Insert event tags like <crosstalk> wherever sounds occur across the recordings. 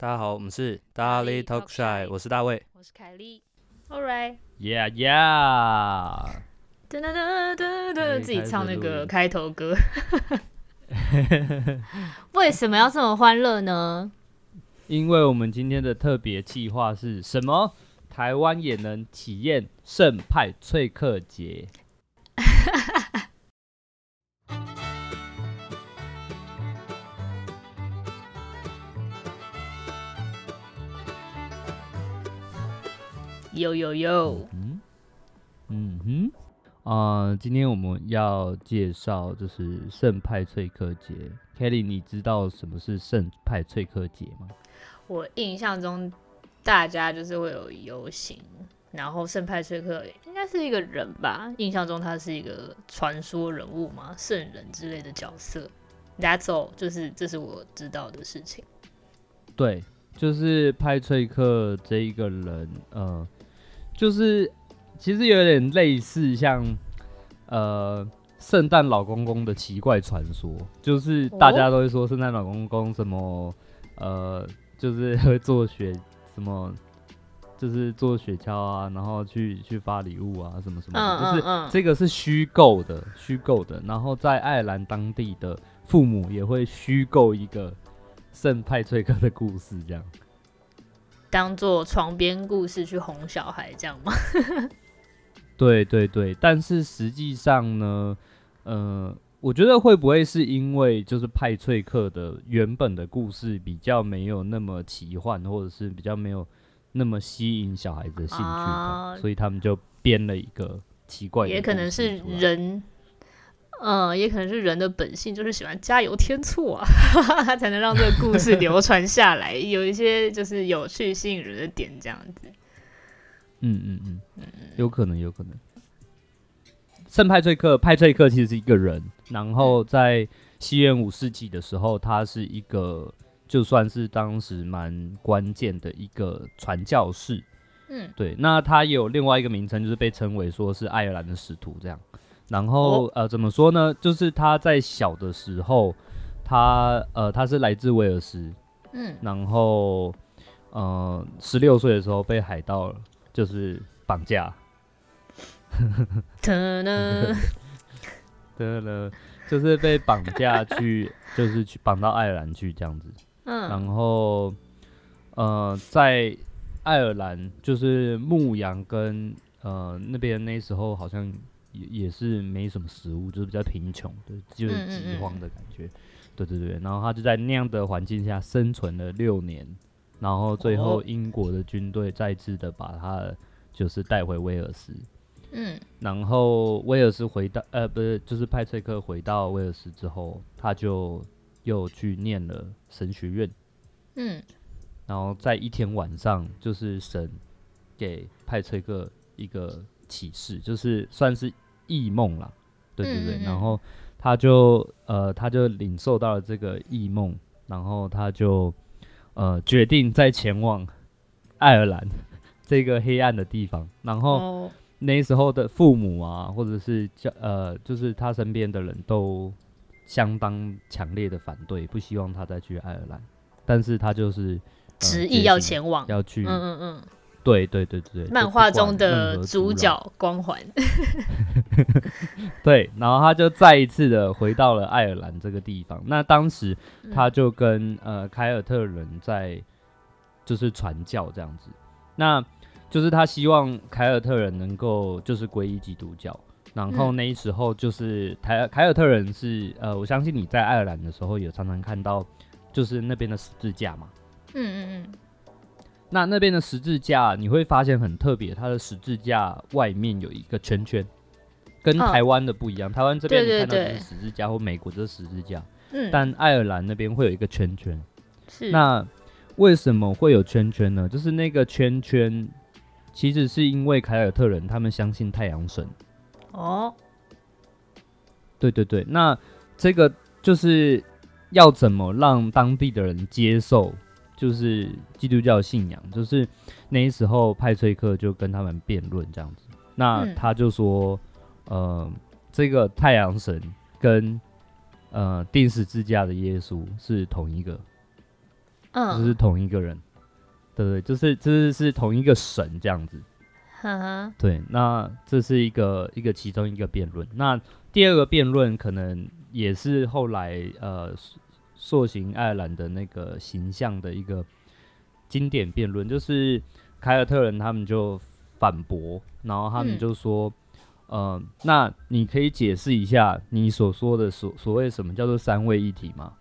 大家好，我們是大力 Talk Shy Okay. 我是大衛，我是凱莉，All right，Yeah Yeah，, yeah. 自己唱那個開頭歌，為什麼要這麼歡樂呢？ <laughs> 因為我們今天的特別企劃是什麼？台灣也能體驗聖派翠克節。 <laughs> 有有有，嗯嗯哼啊！Uh, 今天我們要介紹就是聖派翠克節。Kelly，你知道什麼是聖派翠克節嗎？我印象中大家就是會有遊行，然後聖派翠克應該是一個人吧？印象中他是一個傳說人物嗎？聖人之類的角色？That's all，就是這是我知道的事情。對，就是派翠克這一個人，嗯、呃。就是，其實有點類似像，呃，聖誕老公公的奇怪傳說，就是大家都會說聖誕老公公什麼，呃，就是會坐雪什麼，就是坐雪橇啊，然後去去發禮物啊，什麼，什麼什麼的，就是這個是虛構的，虛構的。然後在愛爾蘭當地的父母也會虛構一個聖派翠克的故事，這樣。當做床邊故事去哄小孩，這樣嗎？ <laughs> 對對對，但是實際上呢，呃，我覺得會不會是因為就是派翠克的原本的故事比較沒有那麼奇幻，或者是比較沒有那麼吸引小孩子的興趣，啊、所以他們就編了一個奇怪的故事出來，也可能是人。嗯，也可能是人的本性就是喜歡加油添醋啊，他 <laughs> 才能讓這個故事流傳下來。 <laughs> 有一些就是有趣、吸引人的點，這樣子。嗯嗯嗯嗯嗯，有可能，有可能。聖派翠克，派翠克其實是一個人，然後在西元五世紀的時候，他是一個就算是當時蠻關鍵的一個傳教士。嗯，對。那他有另外一個名稱，就是被稱為說是愛爾蘭的使徒這樣。然後、哦、呃，怎麼說呢？就是他在小的時候，他呃，他是來自威爾斯，嗯，然後呃，十六歲的時候被海盜就是綁架，呵呵得了，就是被綁架去， <laughs> 就是去綁到愛爾蘭去這樣子，嗯，然後呃，在愛爾蘭就是牧羊跟呃那邊那時候好像。也也是沒什麼食物，就是比較貧窮，對，就是饑荒的感覺，嗯嗯嗯對對對。然後他就在那樣的環境下生存了六年，然後最後英國的軍隊再次的把他就是帶回威爾斯，嗯。然後威爾斯回到呃，不是，就是派翠克回到威爾斯之後，他就又去念了神學院，嗯。然後在一天晚上，就是神給派翠克一個。啟示就是算是異夢啦，對對對。嗯、然後他就呃，他就領受到了這個異夢，然後他就呃決定再前往愛爾蘭這個黑暗的地方。然後、哦、那時候的父母啊，或者是叫呃，就是他身邊的人都相當強烈的反對，不希望他再去愛爾蘭，但是他就是、呃、執意要前往，要去。嗯嗯嗯。對對對對，對漫畫中的主角光環。 <laughs> <laughs> 對，然後他就再一次的回到了愛爾蘭這個地方。那當時他就跟、嗯、呃凱爾特人在就是傳教這樣子，那就是他希望凱爾特人能夠就是皈依基督教。然後那時候就是凱爾、嗯、凱爾特人是呃，我相信你在愛爾蘭的時候也常常看到就是那邊的十字架嘛。嗯嗯嗯。那那邊的十字架，你會發現很特別，它的十字架外面有一個圈圈，跟台灣的不一樣。啊、台灣這邊你看到的十字架或美國的十字架，嗯，但愛爾蘭那邊會有一個圈圈。是，那為什麼會有圈圈呢？就是那個圈圈，其實是因為凱爾特人他們相信太陽神。哦，對對對，那這個就是要怎麼讓當地的人接受？就是基督教信仰，就是那時候派翠克就跟他們辯論這樣子。那他就說，嗯、呃，這個太陽神跟呃釘十字架的耶穌是同一個，嗯、哦，是同一個人，對對，就是這是，就是同一個神這樣子。呵呵對，那這是一個一個其中一個辯論。那第二個辯論可能也是後來呃。塑形愛爾蘭的那個形象的一個經典辯論，就是凱爾特人他們就反駁，然後他們就說：“嗯、呃，那你可以解釋一下你所說的所所謂什麼叫做三位一體嗎？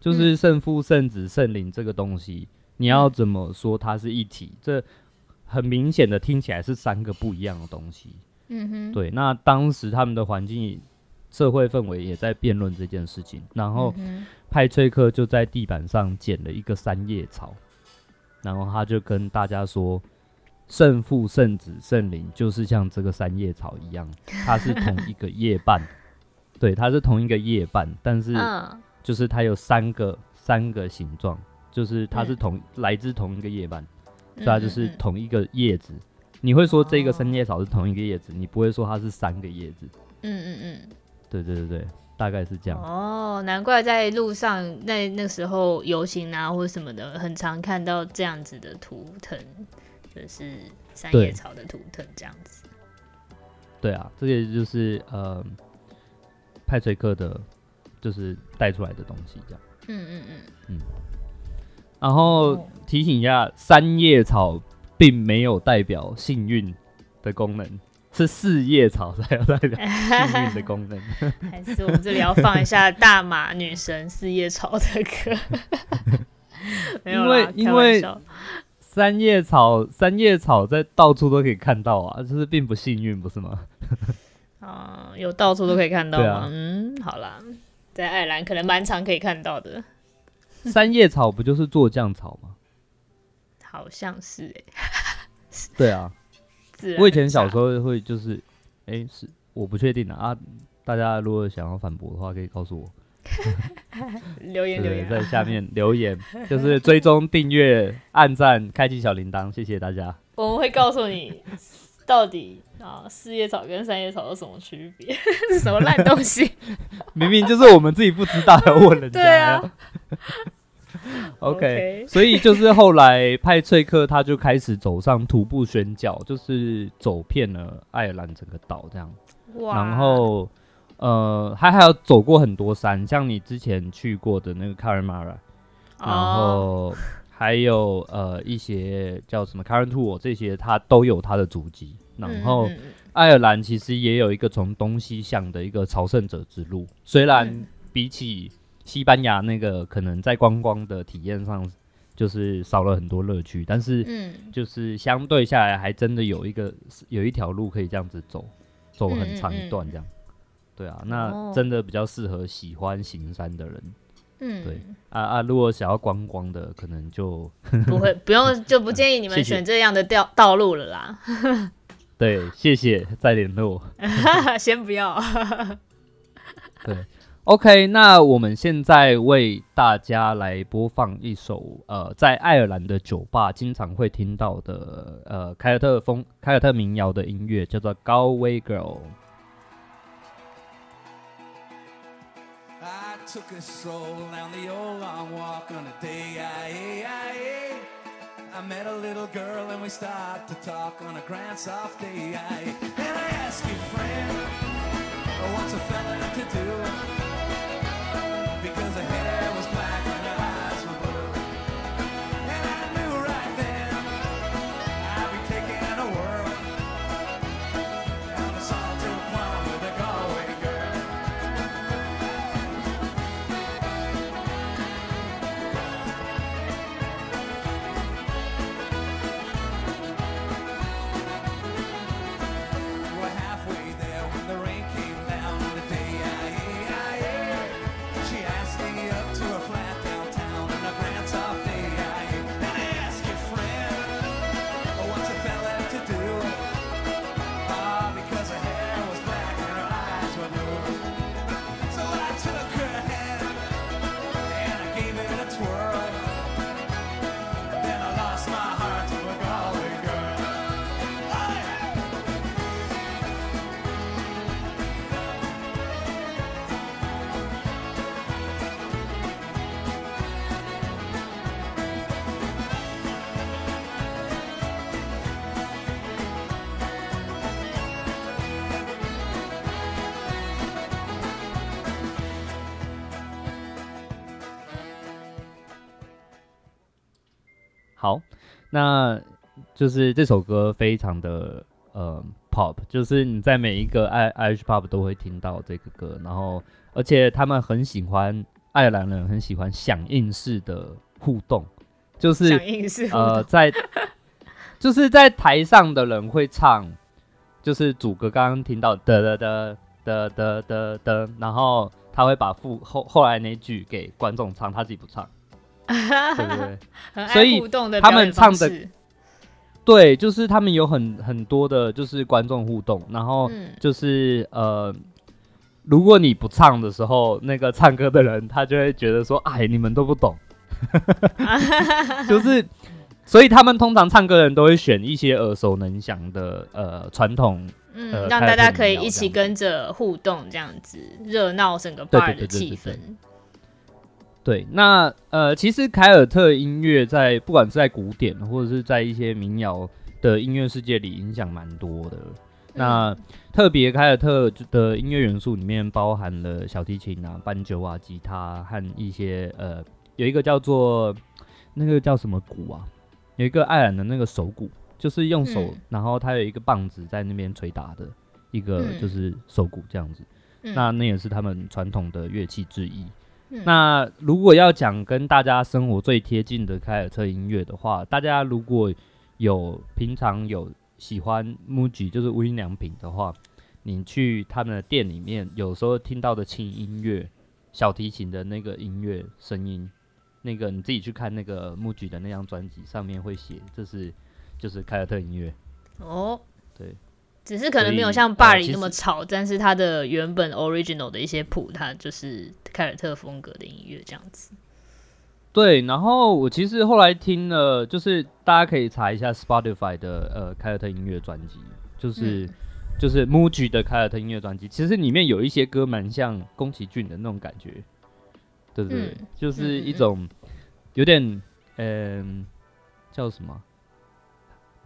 就是聖父、聖子、聖靈這個東西，嗯、你要怎麼說它是一體？這很明顯的聽起來是三個不一樣的東西。”嗯哼，對。那當時他們的環境。社會氛圍也在辯論這件事情，然後、嗯、哼派崔克就在地板上撿了一個三葉草，然後他就跟大家說，聖父、聖子、聖靈就是像這個三葉草一樣，它是同一個葉瓣， <laughs> 對，它是同一個葉瓣，但是就是它有三個三個形狀，就是它是同、嗯、來自同一個葉瓣，所以它就是同一個葉子。嗯嗯嗯，你會說這個三葉草是同一個葉子，哦、你不會說它是三個葉子。嗯嗯嗯。對對對對，大概是這樣。哦，難怪在路上那那時候遊行啊或者什麼的，很常看到這樣子的圖騰，就是三葉草的圖騰這樣子對。對啊，這些就是呃派翠克的，就是帶出來的東西這樣。嗯嗯嗯嗯。嗯然後提醒一下，三葉草並沒有代表幸運的功能。是四葉草才有代表幸運的功能， <laughs> 還是我們這裡要放一下大馬女神四葉草的歌？ <laughs> 啦因為因為三葉草三葉草在到處都可以看到啊，就是並不幸運，不是嗎？ <laughs> 啊，有到處都可以看到嗎？啊、嗯，好啦，在愛爾蘭可能蠻常可以看到的。三葉草不就是做醬草嗎？好像是哎、欸， <laughs> 對啊。我以前小時候會就是，哎、欸，是我不確定的啊，啊。大家如果想要反駁的話，可以告訴我 <laughs> 留言留言。對，在下面留言 <laughs> 就是追蹤、訂閱、按讚、開啟小鈴鐺，謝謝大家。我們會告訴你到底啊，四葉草跟三葉草有什麼區別？ <laughs> 是什麼爛東西？ <laughs> 明明就是我們自己不知道要問人家。 <laughs> 對啊。OK，okay. 所以就是後來派翠克他就開始走上徒步宣教， <laughs> 就是走遍了愛爾蘭整個島這樣。哇然後，呃，他還有走過很多山，像你之前去過的那個 Carrimara、哦、然後還有呃一些叫什麼 Carrauntoohil 這些，他都有他的足跡。嗯嗯然後，愛爾蘭其實也有一個從東西向的一個朝聖者之路，雖然比起。西班牙那個可能在觀光的體驗上，就是少了很多樂趣，但是嗯，就是相對下來還真的有一個有一條路可以這樣子走，走很長一段這樣，嗯嗯嗯對啊，那真的比較適合喜歡行山的人，哦、嗯，對啊啊，如果想要觀光的，可能就不會 <laughs> 不用就不建議你們選這樣的道謝道路了啦， <laughs> 對，謝謝，再聯絡， <laughs> 對先不要， <laughs> 對。OK，那我們現在為大家來播放一首，呃，在愛爾蘭的酒吧經常會聽到的，呃，凱爾特風、凱爾特民謠的音樂，叫做《高威 Girl》。 <music> 好，那就是這首歌非常的呃 pop，就是你在每一個愛 Irish pub 都會聽到這個歌，然後而且他們很喜歡愛爾蘭人很喜歡響應式的互動，就是呃在就是在台上的人會唱，就是主歌剛剛聽到的的的的的的的，然後他會把副後後來那句給觀眾唱，他自己不唱。對對對，所以他們唱的，對，就是他們有很很多的，就是觀眾互動，然後就是、嗯、呃，如果你不唱的時候，那個唱歌的人他就會覺得說，哎，你們都不懂， <laughs> 就是，所以他們通常唱歌的人都會選一些耳熟能詳的呃傳統，嗯，呃、讓大家可以一起跟着互動，這樣子熱鬧整個 party 的氣氛。對對對對對對對，那呃，其實凱爾特音樂在不管是在古典或者是在一些民謠的音樂世界裡影響蠻多的。嗯、那特別凱爾特的音樂元素裡面包含了小提琴啊、斑鳩啊、吉他、啊、和一些呃，有一個叫做那個叫什麼鼓啊，有一個愛爾蘭的那個手鼓，就是用手，嗯、然後它有一個棒子在那邊捶打的一個就是手鼓這樣子。嗯、那那也是他們傳統的樂器之一。那如果要講跟大家生活最貼近的凱爾特音樂的話，大家如果有平常有喜歡 MUJI 就是無印良品的話，你去他們的店裡面，有時候聽到的輕音樂、小提琴的那個音樂聲音，那個你自己去看那個 MUJI 的那張專輯上面會寫，這是就是凱爾特音樂哦，oh. 對。只是可能沒有像巴黎那麼吵，呃、但是它的原本 original 的一些譜，它就是凱爾特風格的音樂這樣子。對，然後我其實後來聽了，就是大家可以查一下 Spotify 的呃凱爾特音樂專輯，就是、嗯、就是 Muji 的凱爾特音樂專輯，其實裡面有一些歌蠻像宮崎駿的那種感覺，對不對？嗯、就是一種有點嗯，嗯叫什麼，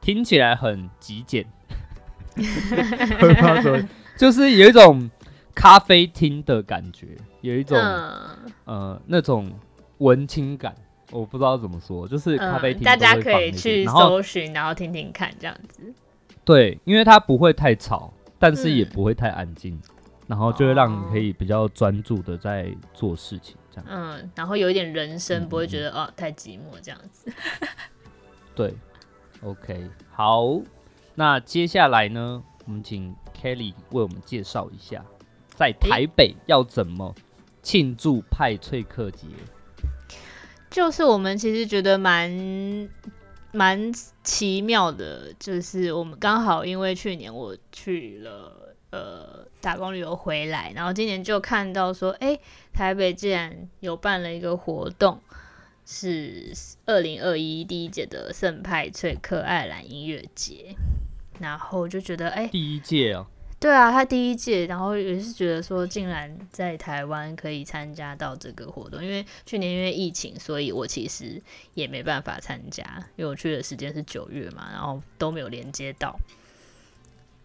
聽起來很極簡。 <laughs> <laughs> <laughs> 就是有一種咖啡廳的感覺，有一種、嗯、呃那種文青感，我不知道怎麼說，就是咖啡廳、嗯。大家可以去搜尋，然後，搜尋然後聽聽看，這樣子。對，因為它不會太吵，但是也不會太安靜，嗯、然後就會讓你可以比較專注的在做事情，這樣。嗯，然後有一點人聲不會覺得嗯嗯哦太寂寞這樣子。 <laughs> 對，OK，好。那接下來呢，我們請 Kelly 為我們介紹一下，在台北要怎麼慶祝派翠克節。欸，就是我們其實覺得蠻蠻奇妙的，就是我們剛好因為去年我去了呃打工旅遊回來，然後今年就看到說，哎、欸，台北竟然有辦了一個活動，是二零二一第一屆的聖派翠克愛爾蘭音樂節。然後就覺得，哎，第一屆啊，對啊，他第一屆，然後也是覺得說，竟然在台灣可以參加到這個活動，因為去年因為疫情，所以我其實也沒辦法參加，因為我去的時間是九月嘛，然後都沒有連接到，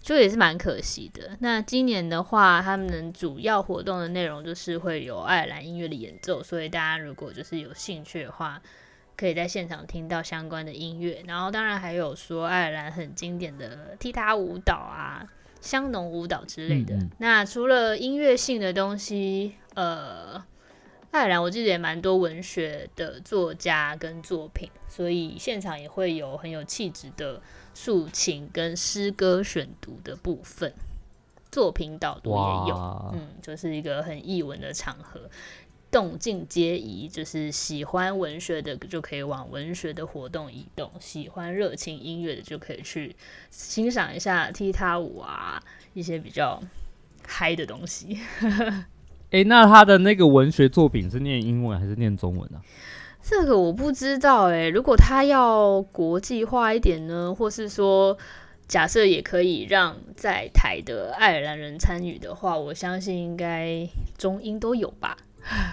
就也是蠻可惜的。那今年的話，他們的主要活動的內容就是會有愛爾蘭音樂的演奏，所以大家如果就是有興趣的話。可以在現場聽到相關的音樂，然後當然還有說愛爾蘭很經典的踢踏舞蹈啊、香農舞蹈之類的。嗯嗯，那除了音樂性的東西，呃，愛爾蘭我記得也蠻多文學的作家跟作品，所以現場也會有很有氣質的抒情跟詩歌選讀的部分，作品導讀也有，哇嗯，就是一個很藝文的場合。動靜皆宜，就是喜歡文學的就可以往文學的活動移動；喜歡熱情音樂的就可以去欣賞一下踢踏舞啊，一些比較嗨的東西。誒， <laughs> 欸，那他的那個文學作品是念英文還是念中文呢、啊？這個我不知道、欸。誒。如果他要國際化一點呢，或是說假設也可以讓在台的愛爾蘭人參與的話，我相信應該中英都有吧。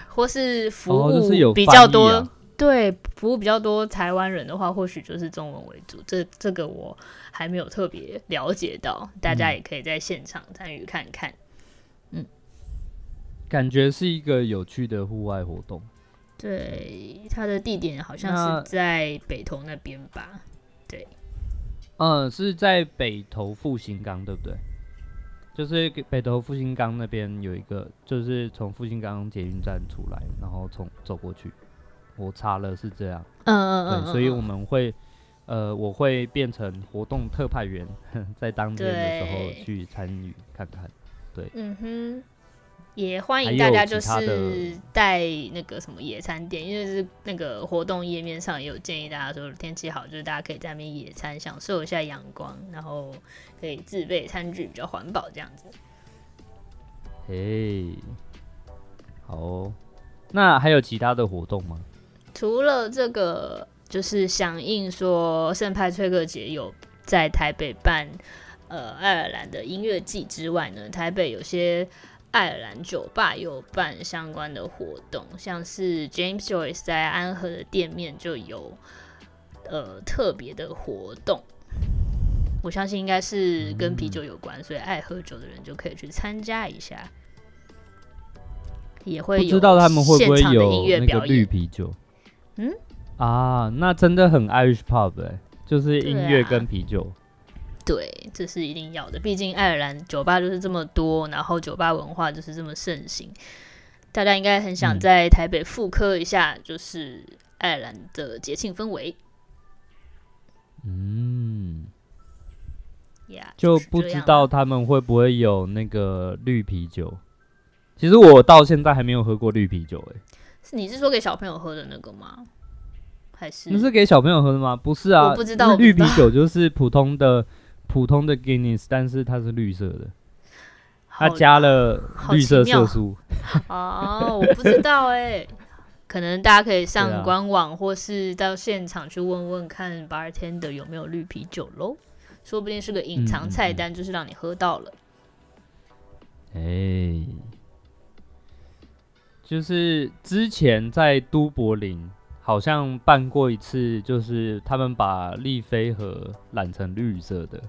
或是服務比較多，哦，就是有翻譯啊、對服務比較多台灣人的話，或許就是中文為主。這這個我還沒有特別了解到，大家也可以在現場參與看看。嗯，嗯感覺是一個有趣的戶外活動。對，它的地點好像是在北投那邊吧？那對，嗯、呃，是在北投復興崗，對不對？就是北投復興崗那邊有一個，就是從復興崗捷運站出來，然後從走過去，我查了是這樣，嗯嗯，對、嗯，所以我們會，嗯、呃，我會變成活動特派員，在當天的時候去參與看看，對，對，嗯哼。也歡迎大家，就是帶那個什麼野餐墊，因為是那個活動頁面上也有建議大家說天氣好，就是大家可以在那邊野餐，享受一下陽光，然後可以自備餐具，比較環保這樣子。誒，好哦，那還有其他的活動嗎？除了這個，就是響應說聖派翠克節有在台北辦呃愛爾蘭的音樂季之外呢，台北有些，愛爾蘭酒吧有辦相關的活動，像是 James Joyce 在安和的店面就有呃特別的活動，我相信應該是跟啤酒有關，嗯、所以愛喝酒的人就可以去參加一下，也會有現場的音樂表演。不知道他們會不會有那個綠啤酒？嗯，啊，那真的很 Irish Pub、欸、就是音樂跟啤酒。對，這是一定要的。畢竟愛爾蘭酒吧就是這麼多，然後酒吧文化就是這麼盛行，大家應該很想在台北複刻一下，就是愛爾蘭的節慶氛圍。嗯，呀，Yeah, 就不知道他們會不會有那個綠啤酒。啊，其實我到現在還沒有喝過綠啤酒欸，哎，是你是說給小朋友喝的那個嗎？還是你是給小朋友喝的嗎？不是啊，綠啤酒就是普通的。普通的 Guinness，但是它是綠色的，它好加了綠色色素哦、， <laughs> 啊，我不知道哎，欸， <laughs> 可能大家可以上官網或是到現場去問問看 Bartender 的有沒有綠啤酒嘍，說不定是個隱藏菜單，就是讓你喝到了。哎，嗯，欸，就是之前在都柏林好像辦過一次，就是他們把利菲河染成綠色的。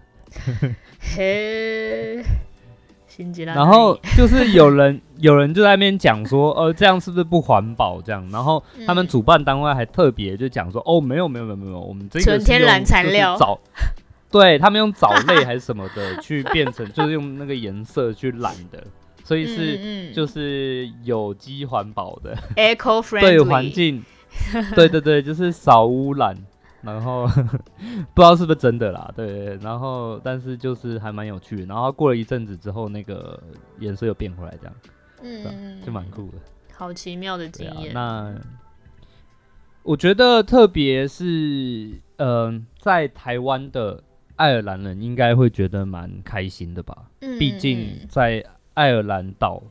嘿， <laughs> 然後就是有人 <laughs> 有人就在那邊講說，呃、哦，這樣是不是不環保這樣？然後他們主辦單位還特別就講說，哦，沒有沒有沒有沒有，我們這個天然材料藻，對他們用藻類還是什麼的去變成，就是用那個顏色去染的，所以是就是有機環保的，eco friendly，對環境，對對對，就是少污染。 <laughs> 然後呵呵不知道是不是真的啦，對，然後但是就是還蠻有趣的。然後過了一陣子之後，那個顏色又變回來，這樣，嗯、啊，就蠻酷的，好奇妙的經驗。啊、那我覺得，特別是嗯、呃，在台灣的愛爾蘭人應該會覺得蠻開心的吧？嗯，畢竟在愛爾蘭島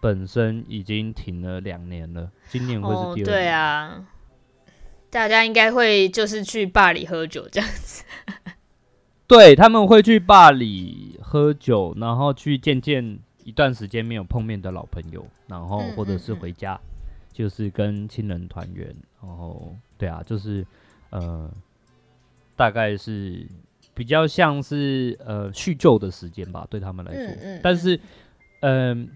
本身已經停了兩年了，今年會是第二年、哦、對啊。大家應該會就是去吧裡喝酒這樣子對，對他們會去吧裡喝酒，然後去見見一段時間沒有碰面的老朋友，然後或者是回家，嗯嗯嗯、就是跟親人團圓，然後對啊，就是呃，大概是比較像是呃敘舊的時間吧，對他們來說，嗯嗯、但是嗯。呃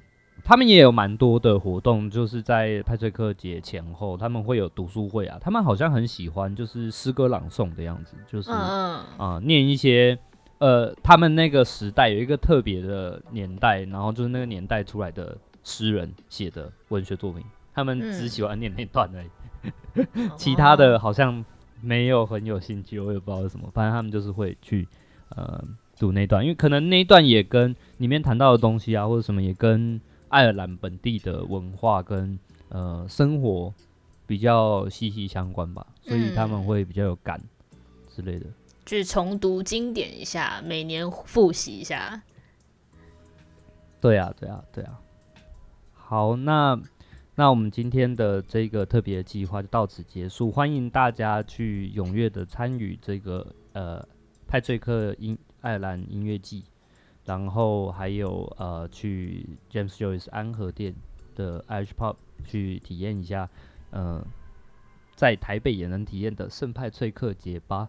他們也有蠻多的活動，就是在派翠克節前後，他們會有讀書會啊。他們好像很喜歡就是詩歌朗誦的樣子，就是啊、嗯呃、念一些呃他們那個時代有一個特別的年代，然後就是那個年代出來的詩人寫的文學作品，他們只喜歡念那段而已。嗯、 <laughs> 其他的好像沒有很有興趣，我也不知道為什麼。反正他們就是會去呃讀那段，因為可能那一段也跟裡面談到的東西啊，或者什麼也跟。愛爾蘭本地的文化跟呃生活比較息息相關吧，所以他們會比較有感之類的。去、嗯、重讀經典一下，每年復習一下。對啊，對啊，對啊。好，那那我們今天的這個特別計劃就到此結束，歡迎大家去踴躍的參與這個呃派翠克音愛爾蘭音樂祭。然後還有呃，去 James Joyce 安和店的 Irish Pub 去體驗一下，呃，在台北也能體驗的聖派翠克節吧。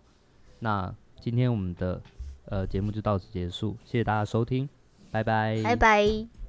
那今天我們的呃節目就到此結束，謝謝大家收聽，拜拜。拜拜。